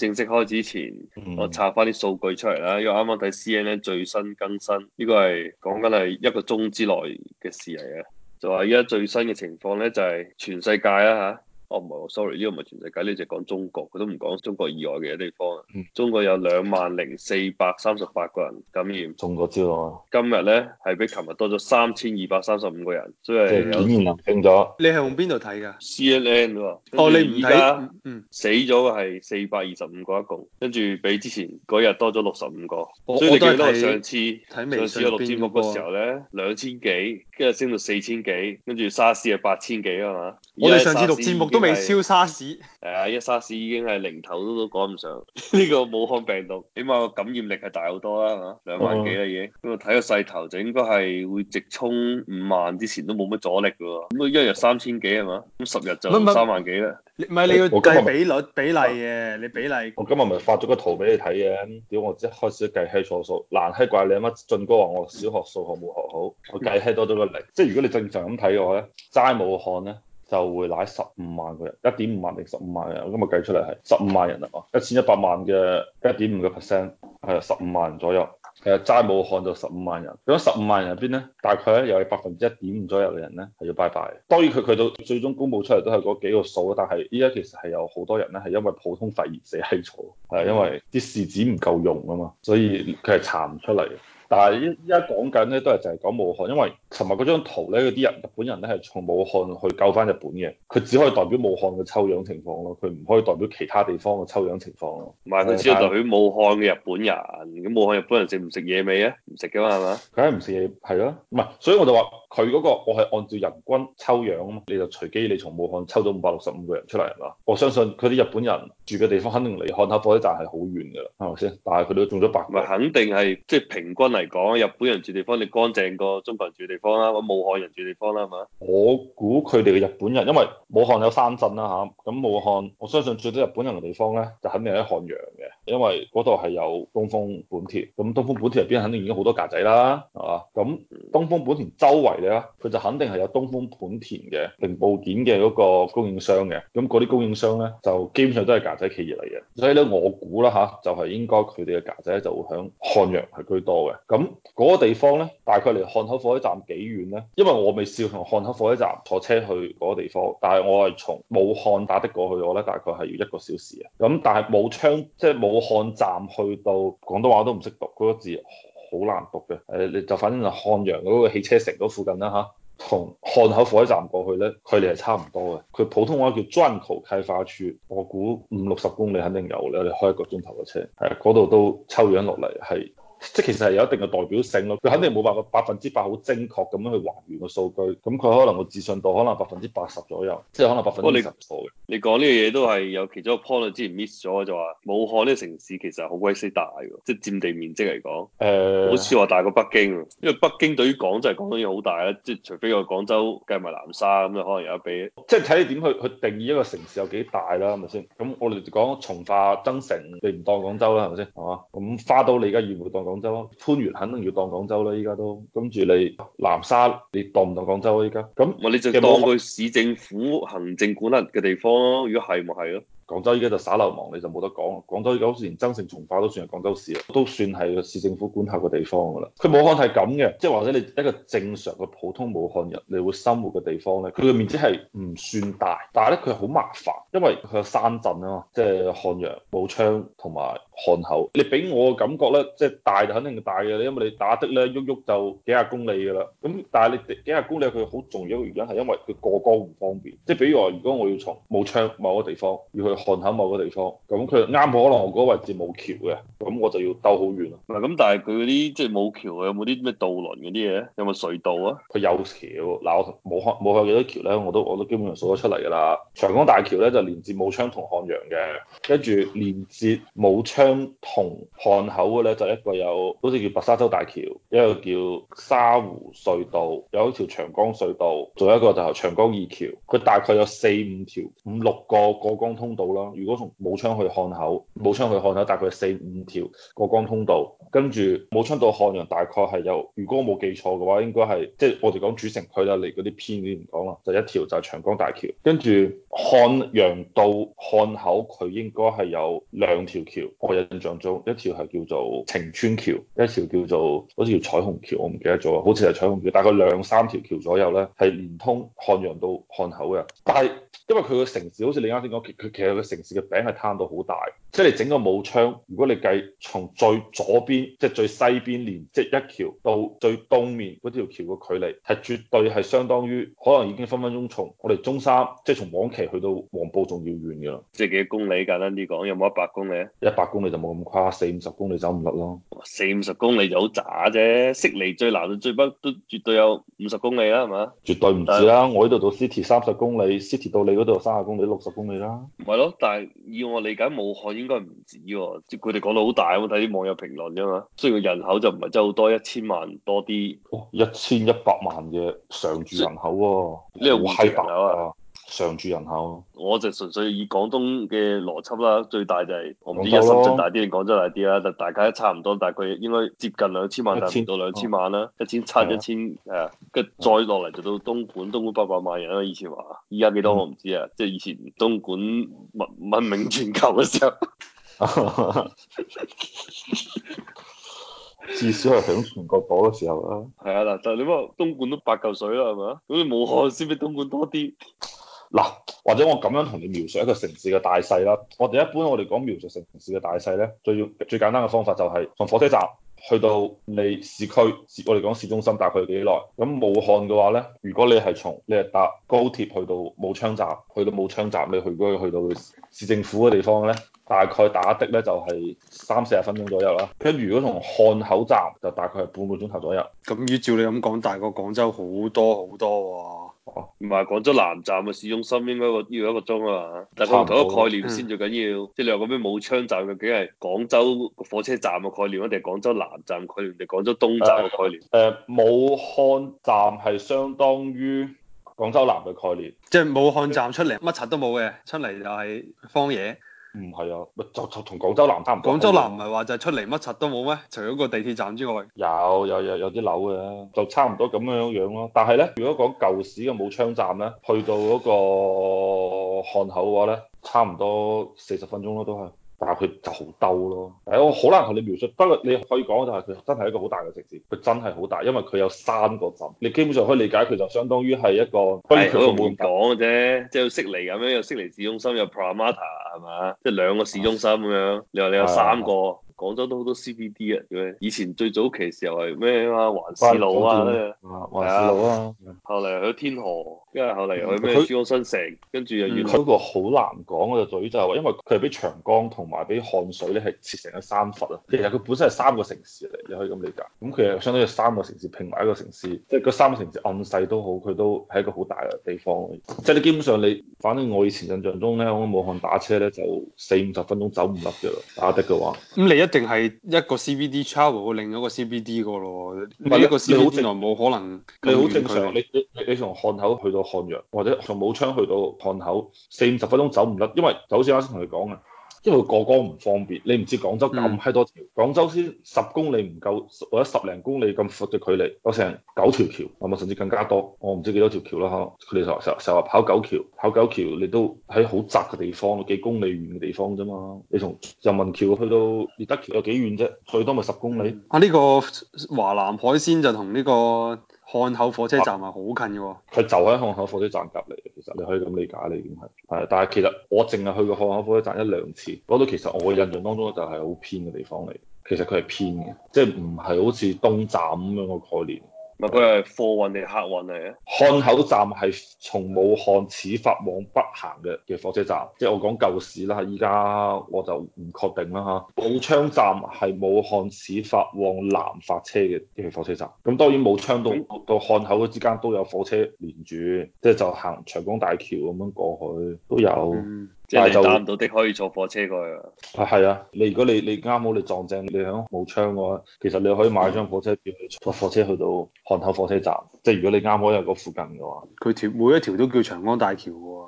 正式開始前，我查翻啲數據出嚟啦，因為啱啱睇 C N N 最新更新，呢個係講緊係一個鐘之內嘅事嚟嘅，就話而家最新嘅情況咧，就係全世界啦吓。哦，唔係，sorry，呢個唔係全世界，呢隻講中國，佢都唔講中國以外嘅地方。中國有兩萬零四百三十八個人感染。中國知道今日咧係比琴日多咗三千二百三十五個人，即係顯然啊，升咗。你係用邊度睇㗎？C N N 喎。哦，你唔睇？嗯，死咗嘅係四百二十五個一共，跟住比之前嗰日多咗六十五個，所以你記得係上次睇微信。上次錄節目嘅時候咧，兩千幾，跟住升到四千幾，跟住沙士係八千幾啊嘛。我哋上次錄節目都。未燒沙士，係啊！一沙士已經係零頭都趕唔上。呢個武漢病毒，起碼感染力係大好多啦，係嘛？兩萬幾啦已經，咁我睇個勢頭就應該係會直衝五萬之前都冇乜阻力嘅喎。咁啊一日三千幾係嘛？咁十日就三萬幾啦。唔係你要計比率比例嘅，你比例。我今日咪發咗個圖俾你睇嘅，屌我一開始計起錯數，難係怪你乜？俊哥話我小學數學冇學好，我計起多咗個零。即係如果你正常咁睇嘅話咧，齋武漢咧。就會拉十五萬個人，一點五萬定十五萬人，我今日計出嚟係十五萬人啦，一千一百萬嘅一點五嘅 percent 係十五萬人左右，其實誒，齋武漢就十五萬人，如果十五萬人入邊咧，大概咧有百分之一點五左右嘅人咧係要拜拜。當然佢佢到最終公佈出嚟都係嗰幾個數，但係依家其實係有好多人咧係因為普通肺炎死喺度，係因為啲試紙唔夠用啊嘛，所以佢係查唔出嚟。但係依依家講緊咧，都係就係講武漢，因為尋日嗰張圖咧，嗰啲日日本人咧係從武漢去救翻日本嘅，佢只可以代表武漢嘅抽樣情況咯，佢唔可以代表其他地方嘅抽樣情況咯。唔係佢只代表武漢嘅日本人，咁武漢日本人食唔食野味啊？唔食噶嘛係嘛？梗係唔食野，係咯。唔係，所以我就話佢嗰個我係按照人均抽樣啊嘛，你就隨機你從武漢抽到五百六十五個人出嚟啊，我相信佢啲日本人住嘅地方肯定離漢口火車站係好遠噶啦，係咪先？但係佢哋都中咗白。唔係肯定係即係平均啊！嚟講，日本人住地方你乾淨過中國人住地方啦，咁武漢人住地方啦，係嘛？我估佢哋嘅日本人，因為武漢有三鎮啦吓，咁武漢我相信最多日本人嘅地方咧，就肯定係喺漢陽嘅。因為嗰度係有東風本田，咁東風本田入邊肯定已經好多架仔啦，係嘛？咁東風本田周圍咧，佢就肯定係有東風本田嘅零部件嘅嗰個供應商嘅，咁嗰啲供應商咧就基本上都係架仔企業嚟嘅，所以咧我估啦吓，就係應該佢哋嘅架仔咧就會響漢陽係居多嘅。咁嗰個地方咧，大概離漢口火車站幾遠咧？因為我未試過從漢口火車站坐車去嗰個地方，但係我係從武漢打的過去，我咧大概係要一個小時啊。咁但係冇窗，即係冇。武漢站去到廣東話我都唔識讀嗰、那個字，好難讀嘅。誒，你就反正就漢陽嗰個汽車城嗰附近啦嚇，同、啊、漢口火車站過去咧距離係差唔多嘅。佢普通話叫沌口開發區，我估五六十公里肯定有咧。你開一個鐘頭嘅車，係嗰度都抽樣落嚟係。即係其實係有一定嘅代表性咯，佢肯定冇辦法百分之百好精確咁樣去還原個數據，咁佢可能會自信度可能百分之八十左右，即係可能百分之十錯嘅。你講呢個嘢都係有其中一個 point 之前 miss 咗就話、是，武漢呢個城市其實好鬼死大嘅，即係佔地面積嚟講，誒、呃，好似話大過北京，因為北京對於廣州嚟講當要好大啦，即係除非我廣州計埋南沙咁，就可能有一比。即係睇你點去去定義一個城市有幾大啦，係咪先？咁我哋講從化增城，你唔當廣州啦，係咪先？係嘛？咁花都你而家完全當廣州咯，番禺肯定要當廣州啦，依家都跟住你南沙，你當唔當廣州啊？依家咁，我你就當佢市政府行政管轄嘅地方咯。如果係咪係咯？廣州依家就耍流氓，你就冇得講啦。廣州依家好似連增城、從化都算係廣州市啦，都算係市政府管下嘅地方噶啦。佢武漢係咁嘅，即係或者你一個正常嘅普通武漢人，你會生活嘅地方咧，佢嘅面積係唔算大，但係咧佢好麻煩。因為佢有三鎮啊嘛，即係漢陽武昌同埋漢口。你俾我感覺咧，即係大就肯定大嘅。因為你打的咧，喐喐就幾廿公里噶啦。咁但係你幾廿公里，佢好重要嘅原因係因為佢過江唔方便。即係比如話，如果我要從武昌某個地方要去漢口某個地方，咁佢啱好可能嗰個位置冇橋嘅，咁我就要兜好遠啊。嗱，咁但係佢嗰啲即係冇橋，有冇啲咩渡輪嗰啲嘢？有冇隧道啊？佢有橋。嗱，我武漢武漢幾多橋咧？我都我都基本上數得出嚟㗎啦。長江大橋咧就～連接武昌同漢陽嘅，跟住連接武昌同漢口嘅咧，就一個有，好似叫白沙洲大橋，一個叫沙湖隧道，有一條長江隧道，仲有一個就長江二橋，佢大概有四五條，五六個過江通道啦。如果從武昌去漢口，武昌去漢口大概有四五條過江通道，跟住武昌到漢陽大概係有，如果我冇記錯嘅話，應該，應該係即係我哋講主城區啦，嚟，嗰啲偏啲唔講啦。就一條就長江大橋，跟住漢陽。到漢口佢應該係有兩條橋，我印象中一條係叫做晴川橋，一條叫做好似叫彩虹橋，我唔記得咗啊，好似係彩虹橋，大概兩三條橋左右咧，係連通漢陽到漢口嘅。但係因為佢個城市好似你啱先講，佢其實佢城市嘅餅係攤到好大。即係整個武昌，如果你計從最左邊，即係最西邊連接一橋到最東面嗰條橋嘅距離，係絕對係相當於可能已經分分鐘從我哋中山，即係從黃岐去到黃埔仲要遠嘅啦。即係幾公里？簡單啲講，有冇一百公里啊？一百公里就冇咁誇，四五十公里走唔甩咯。四五十公里就好渣啫，悉尼最南到最北都絕對有五十公里啦，係嘛？絕對唔止啦，但我呢度到 City 三十公里，City 到你嗰度三十公里，六十公里啦。係咯，但係以我理解，武漢。應該唔止喎，即係佢哋講到好大，我睇啲網友評論啫嘛。雖然個人口就唔係真係好多，一千萬多啲。一千一百萬嘅常住人口，呢個好閪白啊！以常住人口，我就純粹以廣東嘅邏輯啦，最大就係我唔知深圳大啲定廣州大啲啦，但大家差唔多，大概應該接近兩千萬，但唔到兩千萬啦，一千七、一千誒，跟住再落嚟就到東莞，東莞八百萬人啦。以前話，依家幾多我唔知啊，即係以前東莞文文明全球嘅時候，至少係響全國榜嘅時候啦。係啊，但你話，東莞都八嚿水啦，係咪啊？咁你武漢先比東莞多啲。嗱，或者我咁樣同你描述一個城市嘅大細啦。我哋一般我哋講描述城市嘅大細呢，最要最簡單嘅方法就係從火車站去到你市區，我哋講市中心大概要幾耐。咁武漢嘅話呢，如果你係從你係搭高鐵去到武昌站，去到武昌站你去嗰去到市政府嘅地方呢，大概打的呢就係三四十分鐘左右啦。咁如果從漢口站就大概係半個鐘頭左右。咁依照你咁講，大過廣州好多好多喎啊。唔係廣州南站嘅市中心，應該要一個鐘啊！但係佢同一個概念先最緊要，即係你話嗰啲武昌站究竟係廣州火車站嘅概念，定係廣州南站概念，定係廣州東站嘅概念？誒、呃呃，武漢站係相當於廣州南嘅概念，即係武漢站出嚟乜柒都冇嘅，出嚟就係荒野。唔係啊，就就同廣州南差唔多。廣州南唔係話就係出嚟乜柒都冇咩？除咗個地鐵站之外，有有有有啲樓嘅，就差唔多咁樣樣咯。但係呢，如果講舊時嘅武昌站呢，去到嗰個漢口嘅話呢，差唔多四十分鐘咯，都係。但係佢就好兜咯，係我好難同你描述。不過你可以講就係佢真係一個好大嘅城市，佢真係好大，因為佢有三個鎮。你基本上可以理解佢就相當於係一個，不過佢唔講嘅啫，即係悉尼咁樣，有悉尼市中心，有 Pramata 係嘛？即係兩個市中心咁樣。啊、你話你有三個，的廣州都好多 CBD 啊，以前最早期時候係咩啊嘛？環市路啊，係啊，環市路啊。天河，跟住後嚟去咩珠江新城，跟住又越。佢、嗯、個好難講個嘴就話、是，因為佢係俾長江同埋俾漢水咧，係切成咗三忽啊。其實佢本身係三個城市嚟，你可以咁理解。咁佢係相當於三個城市拼埋一個城市，即係嗰三個城市暗細都好，佢都係一個好大嘅地方。即係你基本上你，反正我以前印象中咧，我喺武漢打車咧就四五十分鐘走唔甩嘅啦，打的嘅話。咁你一定係一個 CBD travel 另一個 CBD 個咯，唔係是一個好正常，冇可能，你好正常，你你你從。漢口去到漢陽，或者從武昌去到漢口，四五十分鐘走唔甩，因為就好似啱先同你講啊，因為過江唔方便，你唔知廣州咁閪多條，廣、嗯、州先十公里唔夠，或者十零公里咁闊嘅距離，有成九條橋，係咪甚至更加多？我唔知幾多條橋啦，吓佢哋成成成話跑九橋，跑九橋你都喺好窄嘅地方，幾公里遠嘅地方啫嘛？你從人民橋去到獵德橋有幾遠啫？去多咪十公里。嗯、啊，呢、這個華南海鮮就同呢、這個。漢，漢口火車站啊，好近嘅喎，佢就喺漢口火車站隔離嘅，其實你可以咁理解你已經係係，但係其實我淨係去過漢口火車站一兩次，嗰度其實我印象當中就係好偏嘅地方嚟，其實佢係偏嘅，嗯、即係唔係好似東站咁樣嘅概念。佢係貨運定客運嚟啊？漢口站係從武漢始發往北行嘅嘅火車站，即係我講舊時啦。依家我就唔確定啦吓。武昌站係武漢始發往南發車嘅嘅火車站。咁當然武昌到到漢口之間都有火車連住，即係就行長江大橋咁樣過去都有。嗯即係你打唔到的，可以坐火車過去。啊，係啊，你如果你你啱好你撞正你響武昌嘅話，其實你可以買張火車票坐火車去到漢口火車站。即係如果你啱好喺嗰附近嘅話，佢條每一條都叫長江大橋嘅。